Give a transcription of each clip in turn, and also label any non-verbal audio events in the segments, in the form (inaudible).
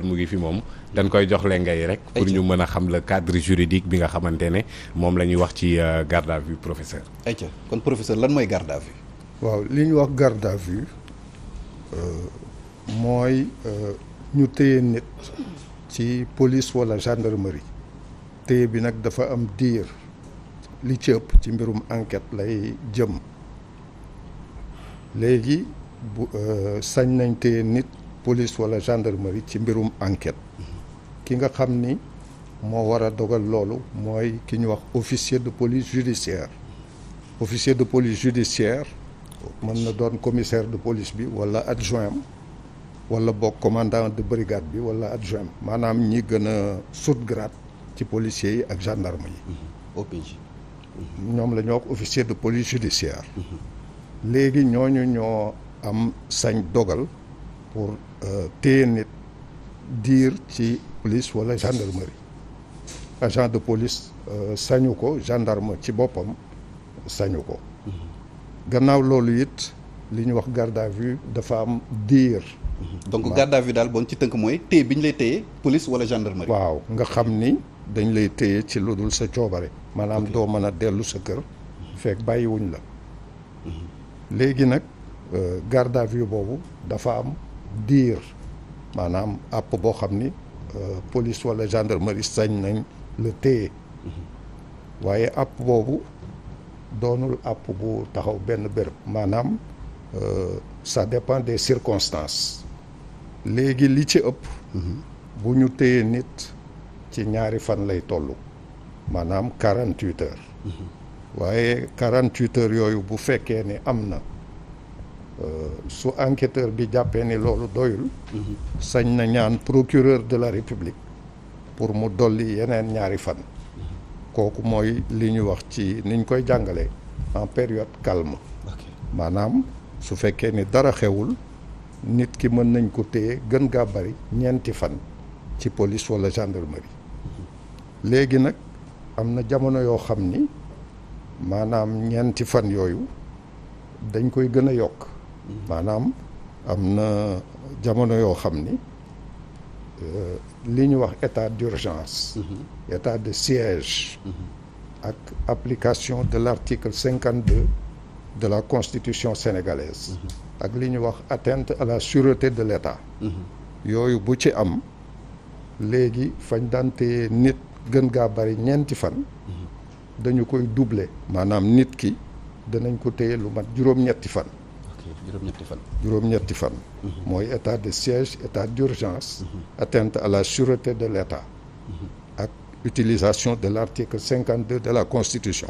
mu ngi fi moom dañ koy jox leen ngay rek pour ñu mën a xam le cadre juridique bi nga xamante ne moom la ñuy wax ci euh, garde à vue professeur kon professeur lan mooy garde à vue waaw li ñu wax garde à euh, mooy euh, ñu téye nit ci police walla gendarmerie téye bi nag dafa am diir li ci ëpp ci mbirum enquête lay jëm léegi bu sañ nañ téye nit police wala gendarmerie ci mbirum enquête ki nga xam ni moo war a dogal loolu mooy ki ñu wax officier de police judiciaire officier de police judiciaire mën na doon commissaire de police bi wala adjoint wala boog commandant de brigade bi wala adjoint maanaam ñi gën a sut grade ci policier yi ak gendarme yi mmh. mmh. ñoom la ñu wax officier de police judiciaire mmh. léegi ñooñu ñoo am sañ dogal pour Euh, téye nit diir ci police wala gendarmerie agent de police euh, sañu ko gendarme ci boppam sañu ko gannaaw loolu it li ñu wax garde à vue dafa am diir donc garde à vue daal bon ci tënk mooy téye bi ñu lay téye police wala gendarmerie waaw nga xam ni dañ lay téye ci lu dul sa coobare maanaam doo mën a dellu sa kër fekk bàyyiwuñ la mhm. léegi nag euh, garde à vue boobu dafa am diir maanaam àpp boo xam ni euh, police wala gendarmerie sañ nañ la téye mm-hmm. waaye àpp boobu doonul àpp bu taxaw benn bërëb maanaam euh, ça dépend des circonstances léegi li ci ëpp mm-hmm. bu ñu téye nit ci ñaari fan lay toll maanaam quarante-huit mm-hmm. waaye quarante-huit yooyu bu fekkee ni am na Euh, su enqueteur bi jàppee ni loolu doyul sañ na ñaan procureur de la république pour mu dolli yeneen ñaari fan kooku mooy li ñuy wax ci niñ koy jàngalee en période calme maanaam su fekkee ni dara xewul nit ki mën nañ ko téye gën gaa bari ñeenti fan ci police walla gendarmerie léegi nag am na jamono yoo xam ni maanaam ñeenti fan yooyu dañ koy gën a yokk maanaam am na jamono yoo xam ni li ñu wax état d'urgence mhm. état de siège mhm. ak application de l'article cinquante deux de la constitution sénégalaise mhm. ak li ñu wax atteinte à la sûreté de l'état yooyu bu ci am léegi fañ daan téye nit gën gaa bari ñeenti fan dañu koy doubler maanaam nit ki danañ ko téye lu mat juróom-ñetti fan juróom-ñetti fan. juróom-ñetti fan. Mhm. mooy état de siège état d'urgence. Mhm. atteinte à la sûreté de l'état mhm. ak utilisation de l'article cinquante deux de la constitution.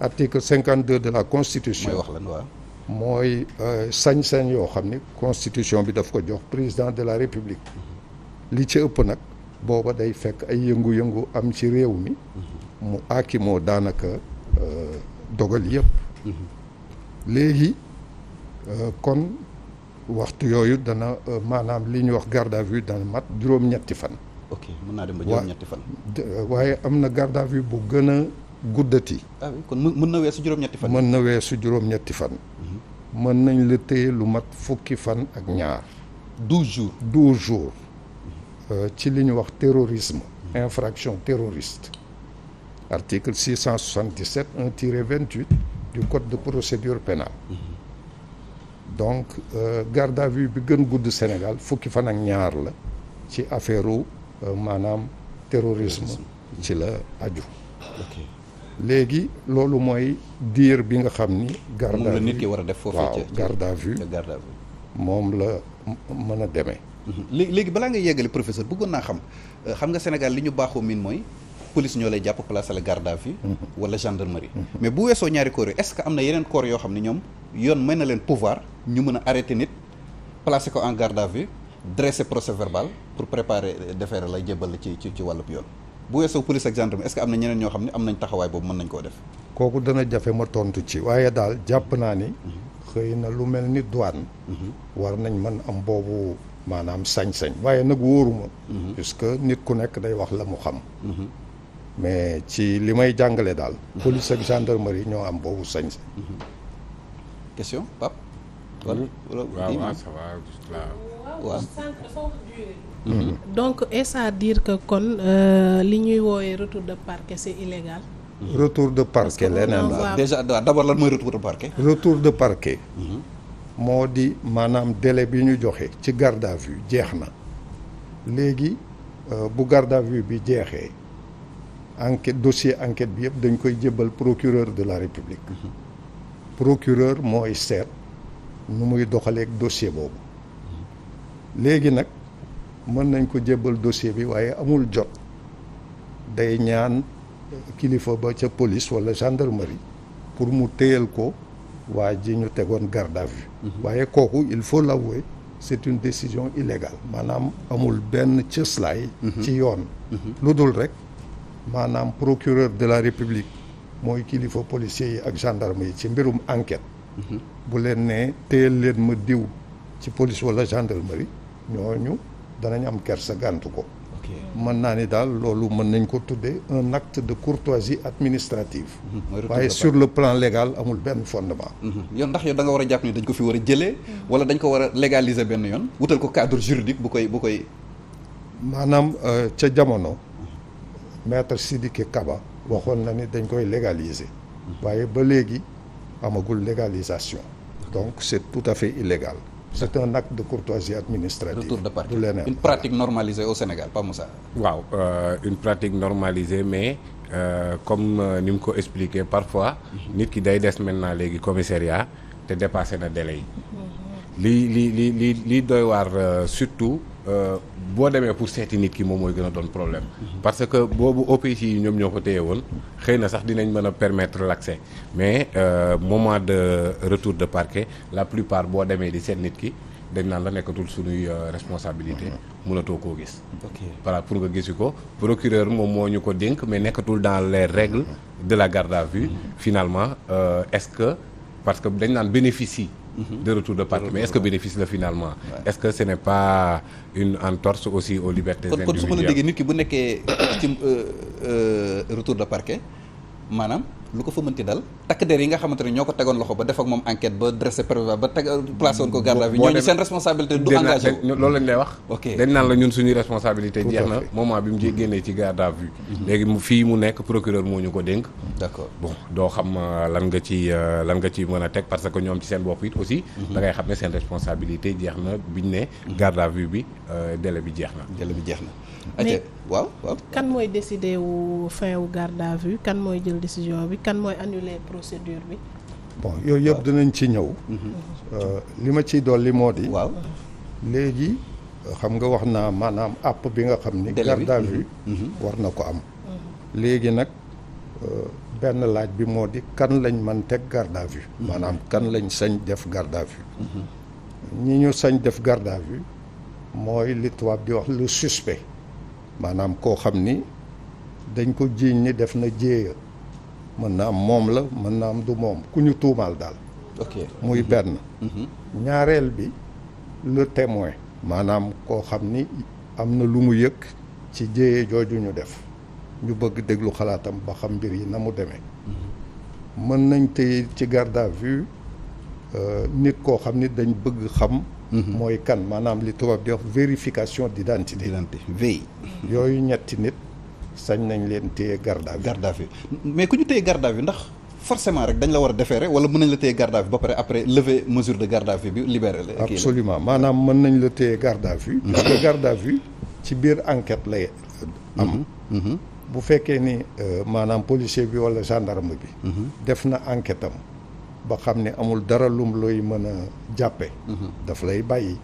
article cinquante deux de la constitution. mooy wax lan waaw. mooy euh, sañ-sañ yoo xam ni constitution bi daf ko jox président de la république. li ci ëpp nag booba day fekk ay yëngu-yëngu am ci réew mi. mu àkki moo daanaka euh, dogal yëpp. léegi. Euh, kon waxtu yooyu dana euh, maanaam li ñuy wax garde à vue dana mat juróom-ñetti fan. ok naa dem ba juróom-ñetti fan. Euh, waaye am na garde à vue bu gën a guddati. ah oui kon mën na weesu juróom-ñetti fan. mën na weesu juróom-ñetti fan. Mhm. mën nañ la téye lu mat fukki fan ak ñaar. douze jours douze jours. Mhm. ci li ñu wax terrorisme. infraction terroriste. article 677 1 tiret 28 du code de procédure pénale. Mhm. donc euh, garde à vue bi gën gudd Sénégal fukki fan ak ñaar la ci affaire u euh, maanaam terrorisme ci la aju léegi loolu mooy diir bi nga xam ni garde à vue nit ki war a def foofu waaw garde à vue moom la mën a demee mhm. léegi léegi balaa nga yeggale professeur bëggoon naa xam euh, xam nga Sénégal li ñu baaxoo miin mooy police ñoo lay jàpp placé la garde à vue mhm. wala gendarmerie mais bu weesoo ñaari corps yi est-ce que am na yeneen corps yoo xam ne ñoom yoon may na leen pouvoir ñu mën a arrêté nit placé ko en garde à vue dressé procès verbal pour préparer defeere la jébbal ci ci ci wàllub yoon bu weesoo police ak gendarmerie est-ce que am na ñeneen ñoo xam ne am nañ taxawaay boobu mën nañ koo def kooku dana jafe ma tontu ci waaye daal jàpp naa ni mhm. xëy na lu mel ni douane mhm. war nañ mën am boobu maanaam sañ-sañ waaye nag wóoruma puisque nit ku nekk day wax la mu xam mais ci li may jàngale daal. police ak gendarmerie ñoo am boobu sañ-sañ. donc est-ce à que kon euh, li ñuy woowee retour de parquet c'est illégal. Mhm. retour de parquet leneen la déjà d'abord lan mooy retour de parquet. retour de parquet. Mhm. moo di maanaam délai bi ñu joxe ci garde à vue jeex na léegi euh, bu garde à vue bi jeexee. enquête dossier enquête bi yëpp dañ koy jébbal procureur de la république mhm. procureur mooy seet nu muy doxaleeg dossier boobu léegi nag mën nañ ko jébbal dossier bi waaye amul jot day ñaan kilifa ba ca police wala gendarmerie pour mu téyal ko waa ji ñu tegoon garde à vue mhm. waaye kooku il faut l'avouer c'est une décision illégale maanaam amul benn cëslaay mhm. ci yoon lu dul rek maanaam procureur de la république mooy kilifa policiers yi ak gendarme yi ci mbirum enquête. Mhm. bu leen nee téyel leen ma diw ci police wala gendarmerie ñooñu danañ am kersa gàntu ko. mën naa ni daal loolu mën nañ ko tuddee un acte de courtoisie administrative mhm. waaye sur le plan légal amul benn fondement mhm. yoon ndax yow danga war a jàpp ni dañ ko fi war a jëlee wala dañ ko war a légaliser benn yoon wutal ko cadre juridique bu koy bu koy maanaam euh, ca jamono maître Sidiki Kaba waxoon na ni dañ koy légaliser waaye ba léegi amagul légalisation donc c'est tout à fait illégal c'est un acte de courtoisie administrative retour de parquet une pratique normalisée au Sénégal pas Moussa waaw euh, une pratique normalisée mais euh, comme euh, ni mu ko expliqué parfois nit ki day des maintenant léegi commissariat te dépassé na délai yi mm-hmm. li li li li doy waar euh, surtout euh, boo demee pour seeti nit ki moom mooy gën a doon problème parce que boobu OPC yi ñoom ñoo ko téye woon xëy na sax dinañ mën a permettre l' accès mais euh, moment de retour de parquet la plupart boo demee di seet nit ki dañ naan la nekkatul suñuy euh, responsabilité mënatoo koo gis voilà pour nga gisi ko procureur moom moo ñu ko dénk mais nekkatul dans les règles de la garde à vue mm-hmm. finalement euh, est-ce que parce que dañ naan bénéficie de retour de parquet mais est-ce que bénéfice la finalement. est-ce que ce n'est pas une entorse aussi au libertés individuelles kon ki bu nekkee ci euh, euh, de parquet maanaam. lu ko fa mënti dal takk der yi nga xamante ne ñoo ko tegoon loxo ba def ak moom enquête ba dressé prévoi ba teg placé woon ko garde à vue ñooñu seen responsabilité du engagé loolu lañ lay wax dañ naan la ñun suñuy responsabilité jeex na moment bi mu jee garde à vue mhm. moo ñu ko dénk d'accord bon doo xam euh, lan ci euh, lan nga ci mën a teg parce que ñoom ci seen bopp it aussi mhm. da ngay xam ne seen responsabilité jeex na biñ ne mhm. garde bi euh, délai bi jeex na délai bi jeex na waaw waaw kan mooy décider wu fin wu garde à vue kan mooy jël décision bi kan mooy annuler procédure bi. bon yooyu yëpp dinañ ci ñëw. Mhm. Euh, li ma ciy dolli moo di. waaw léegi euh, xam nga wax naa maanaam àpp bi nga xam ni. garde à mhm. Mhm. war na ko am. léegi nag euh, benn laaj bi moo di kan lañ man teg garde à maanaam kan lañ sañ def garde à vue. ñu sañ def garde à mooy li tubaab di wax le suspect maanaam koo xam ni dañ ko jiiñ ni def na jéeya. mën naa am moom la mën naa am du moom ku ñu tuumaal daal. ok muy mhm. benn. Mhm. ñaareel bi le témoin. maanaam koo xam ni am na lu mu yëg ci jéyee jooju ñu def ñu bëgg déglu xalaatam ba xam mbir yi na mu demee. Mhm. mën nañ tey ci garde à vue euh, nit koo xam ni dañ bëgg xam. mooy kan maanaam li tubaab di wax vérification d'identité. d'identité yooyu ñetti nit. sañ nañ leen téye garde à vue. garde à vue mais ku ñu téye garde à vue ndax forcément rek dañ la war a déférer wala mën nañ la téye garde à vue ba pare après lever mesure de garde à vue bi libérer absolument maanaam mën nañ la téye garde à vue. parce que garde à vue ci biir enquête lay am. Mhm. Mhm. bu fekkee ni euh, maanaam polisier bi wala gendarme bi. Mhm. def na enquête am ba xam ne amul dara lum looy mën a jàppe. daf lay bàyyi.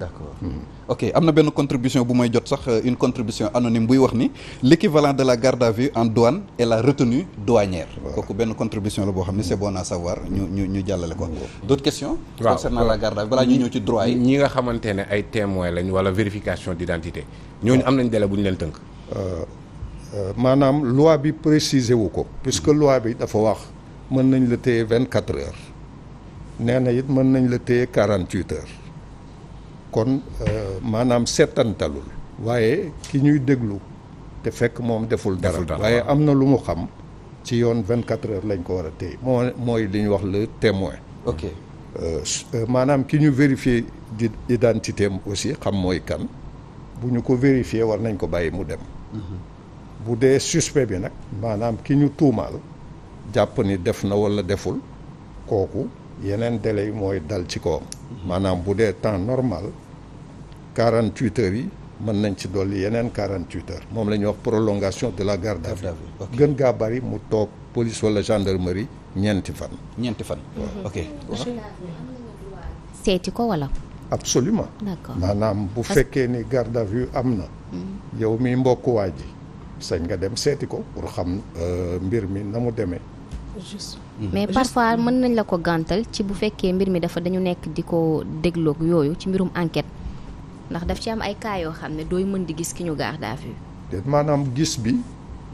d'accord hmm. ok am na benn contribution bu may jot sax euh, une contribution anonyme buy wax ni l'équivalent de la garde à vue en douane et la retenue douanière kooku benn contribution la boo xam ne c'est bon à savoir ñu ñu ñu jàllale ko d'autres question waaw concernant la garde à vue balaa ñu ñëw ci droit yi ñi nga xamante ne ay témoins lañ wala vérification d'identité ñooñu am nañ délai bu ñu leen tënk euh, euh, maanaam loi bi préciser wu ko puisque hmm. loi bi dafa wax mën nañ la téye vingt quatre heures nee na it mën nañ la téye quarante huit kon euh, maanaam seetantalul waaye ki ñuy déglu te fekk moom deful dara waaye am na lu mu xam ci yoon vingt quatre heures lañ ko war a téye moo mooy li ñu wax le témoin ok euh, euh, maanaam ki ñu vérifier di identité am aussi xam mooy kan bu ñu ko vérifier war nañ ko bàyyi mu dem mhm. bu dee suspect bi nag maanaam ki ñu tuumaal jàpp ni def na walla deful kooku yeneen délai yi mooy dal ci kawam mhm. maanaam bu dee temps normal 48 heures yi mën nañ ci dolli yeneen 48 heures moom la ñuy wax prolongation de la garde à vue gën gaa bari mu toog police wala gendarmerie ñeenti fan. ñeenti fan. ok. seeti ko wala. absolument maanaam bu fekkee ni garde à vue am na. Hmm. yow mi mbokk waa ji sañ nga dem seeti ko pour xam euh, mbir mi na mu demee. juste hmm. mais parfois mën nañ la ko gàntal ci bu fekkee mbir mi dafa dañu nekk di ko déglook yooyu ci mbirum enquête. ndax daf ci am ay cas xam ne dooy mën di gis ki ñu garde à vue déet maanaam gis bi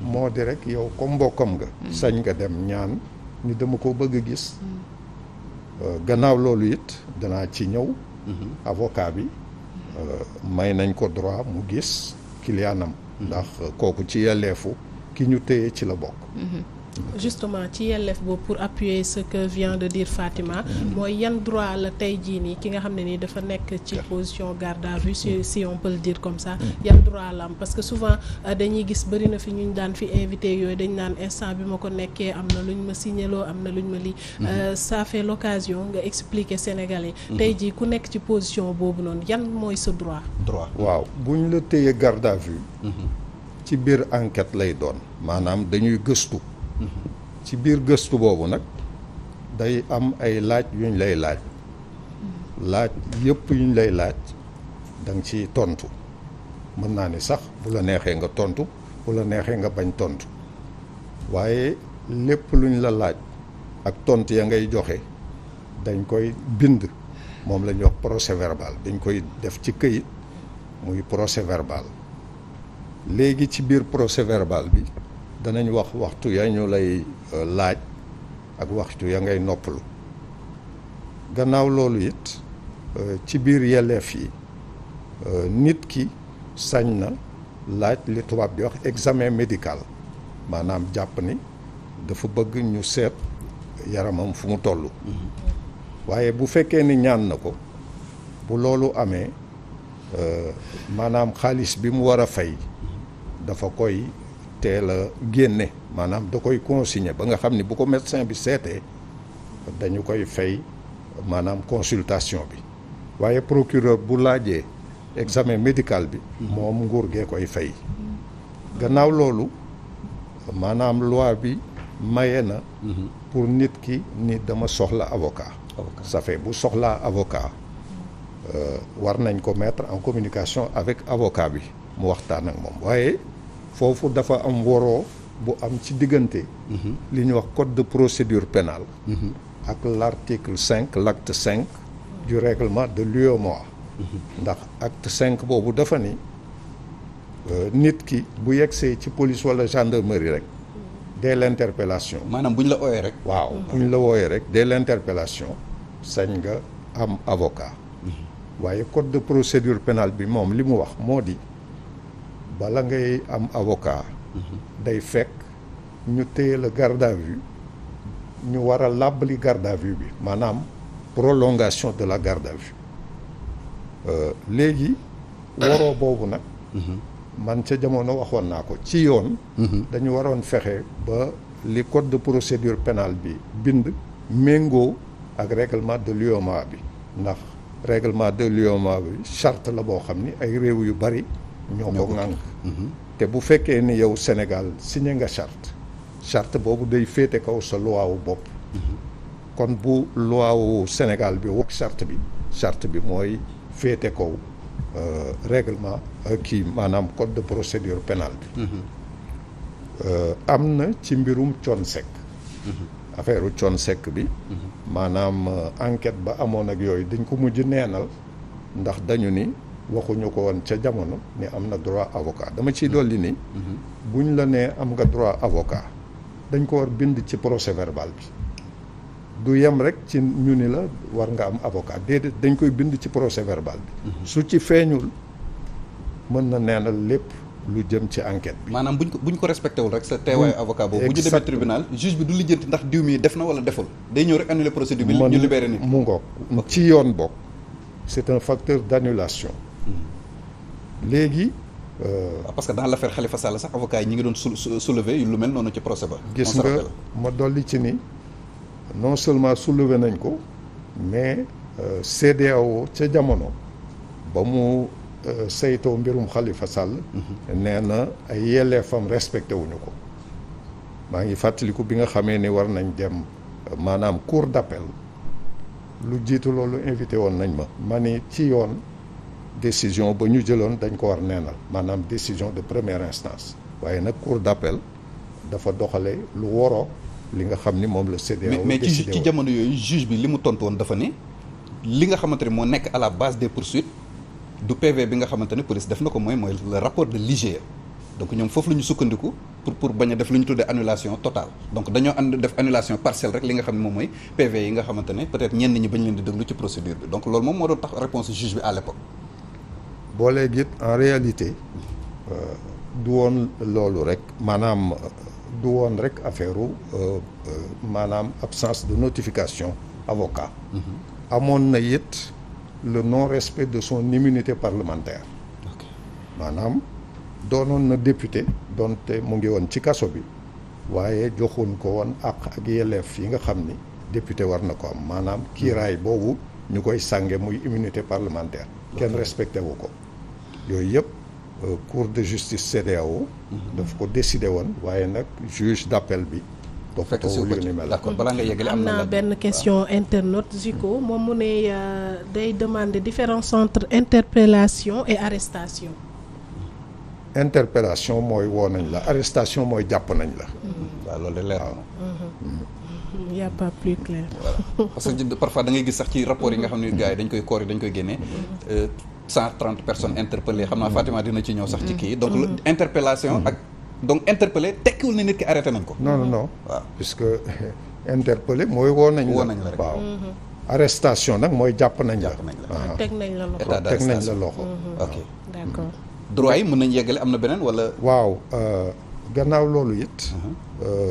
moo di rek yow comme mbokkam nga mm. sañ nga dem ñaan ni dama ko bëgg a gis mm. euh, gannaaw loolu it danaa ci ñëw mm-hmm. avocat bi mm. euh, may nañ ko droit mu gis kiliyaanam ndax euh, kooku ci yelleefu ki ñu téye ci la bokk mm-hmm. justement ci yelleef boobu pour appuyer ce que vient de dire Fatima mooy yan droit la tey jii nii ki nga xam ne nii dafa nekk ci position garde à vue si si on peut le dire comme ça mm. yan droit la am parce que souvent euh, dañuy gis bëri na fi ñu daan fi invité yooyu dañ naan instant bi ma ko nekkee am na lu ñu ma signaloo am na lu luñ ma lii mm-hmm. euh, ça locasion l'occasion nga expliquer sénégalais mm-hmm. tey jii ku nekk ci position boobu noonu yan mooy sa droit droit waaw buñ la téye garde à vue mm-hmm. enquête lay doon maanaam dañuy gëstu ci biir gëstu boobu nag day am ay laaj yuñ lay laaj laaj yépp yuñ lay laaj da nga ciy tontu mën naa ni sax bu la neexee nga tontu bu la neexee nga bañ tontu waaye lépp luñ la laaj ak tontu ya ngay joxe dañ koy bind moom la ñuy wax procès dañ koy def ci këyit muy procès léegi ci biir procès bi. danañ wax waxtu ya ñu lay euh, laaj ak waxtu ya ngay noppalu gannaaw loolu it euh, ci biir yelleef yi euh, nit ki sañ na laaj li tubaab bi wax examen médical maanaam jàpp ni dafa bëgg ñu seet yaramam fu mu toll mm-hmm. waaye bu fekkee ni ñaan na ko bu loolu amee maanaam xaalis bi mu war a fay mm-hmm. dafa koy teel a génne maanaam da koy consigner ba nga xam ni bu ko médecin bi seetee dañu koy fay maanaam consultation bi waaye procureur bu laajee examen médical bi moom nguur gee koy fay gannaaw loolu maanaam loi bi maye na pour nit ki ni dama soxla avocat ça fait bu soxlaa avocat euh, war nañ ko metre en communication avec avocat bi mu waxtaan ak moom waaye foofu dafa am woroo bu am ci diggante mhm. li ñuy wax code de procédure pénale mhm. ak l'article cinq l'acte cinq du règlement de l'UEMOA mhm. ndax acte cinq boobu dafa ni euh, nit ki bu yegsee ci police wala gendarmerie rek de l'interpellation maanaam bu ñu la wooyee rek waaw bu ñu la wooyee rek dès l'interpellation sañ nga am avocat waaye code de procédure pénale bi moom li mu wax moo di bala ngay am avocat mhm. day fekk ñu téye la garde à vue ñu war làbbali garde à vue bi maanaam prolongation de la garde à vue euh, léegi waroo boobu nag mhm. man ca jamono waxoon naa ko ci yoon mhm. dañu waroon fexe ba li code de procédure pénale bi bind méngoo ak règlement de l'UEMOA bi ndax règlement de l'UEMOA bi charte la boo xam ni ay réew yu bari ñoo ko ŋànk mm-hmm. te bu fekkee ni yow Sénégal signé nga chart charte boobu day féete kaw sa loi bopp mm-hmm. kon bu loi Sénégal bi wax charte bi charte bi mooy féete kaw euh, règlement euh, kii maanaam code de procédure pénale bi mm-hmm. euh, am na ci mbirum Thione Seck affaire u Thione Seck bi maanaam enquête ba amoon ak yooyu dañ ko mujj neenal ndax dañu ni waxuñu ko woon ca jamono ne am na droit avocat dama ciy dolli ni. buñ la nee am nga droit avocat dañ ko war bind ci procès verbal bi du yem rek ci ñu ni la war nga am avocat déedéet dañ koy bind ci procès verbal bi. Mhm. su ci feeñul mën na neenal lépp. lu jëm ci enquête bi. maanaam buñ ko buñ ko respecté wul rek sa teewaayu mm. avocat boobu. bu ñu demee tribunal juge bi du lijjanti ndax diw mi def na wala deful. day ñëw rek annuler procédure bi. ñu libéré nit mu ngoog ci yoon bokk. c'est un facteur d'annulation. léegi. Euh, ah, parce que dans l' affaire Khalifa Sall sax avocat yi ñi ngi doon sou soulever lu mel noonu ci procès ba. gis nga ma dolli ci ni non seulement soulever nañ ko mais euh, CEDEAO ca jamono ba mu euh, saytoo mbirum Khalifa Sall. Mhm. nee na ay yelleefam respecté wuñu ko. maa ngi fàttaliku bi nga xamee ni war nañ dem maanaam cour d' appel lu jiitu loolu invité woon nañ ma. ma ni ci yoon. décision ba ñu jëloon dañ ko war neenal maanaam décision de première instance waaye nag cour d'appel dafa doxale lu waroo li nga xam ni moom la CEDEAO mais ci ci jamono yooyu juge bi li mu tontu woon dafa ne li nga xamante ne moo nekk à la base des poursuites du PV bi nga xamante police def na ko mooy mooy rapport de l'IGE donc ñoom foofu la ñu sukkandiku pour pour bañ a def lu ñu tuddee annulation totale donc dañoo ànd def annulation partielle rek li nga xam ne moom mooy PV yi nga xamante ne peut boolee git en réalité euh, du woon loolu rek maanaam euh, du woon rek affaire euh, maanaam absence de notification avocat mm-hmm. amoon na it le non respect de son immunité parlementaire maanaam doonoon na député doonte mu ngi woon ci kaso bi waaye joxuñ ko woon àq ak yelleef yi nga xam ni député war na ko am maanaam kiiraay boobu ñu koy sànge muy immunité parlementaire kenn respecté wu ko yooyu yëpp euh, cour de justice CEDEAO mhm. daf ko décidé woon waaye nag juge d'appel bi d'accord balaa nga yegale am na benn question internaute Zico moom mu ne euh, day demande différence centre interpellation et arrestation interpellation mooy woo nañ la arrestation mooy jàpp nañ la mhm. waaw loolu de leer il mhm. y a pas plus clair (laughs) parfois da gis sax ci rapport yi nga xam ne gars dañ koy koor yi dañ koy génnee euh, cent trente personnes interpellées xam naa mm. Fatima dina ci ñëw sax ci mm. kii donc mm. interpellation ak donc interpellé tekkiwul na nit ki arrêté nañ ko non non non waaw (laughs) mooy woo nañ la rek mm-hmm. arrestation nag mooy jàpp nañ la teg nañ la loxo teg nañ la loxo mm-hmm. ok droit yi mën nañ yeggale am na beneen wala waaw euh, gannaaw loolu it uh-huh. euh,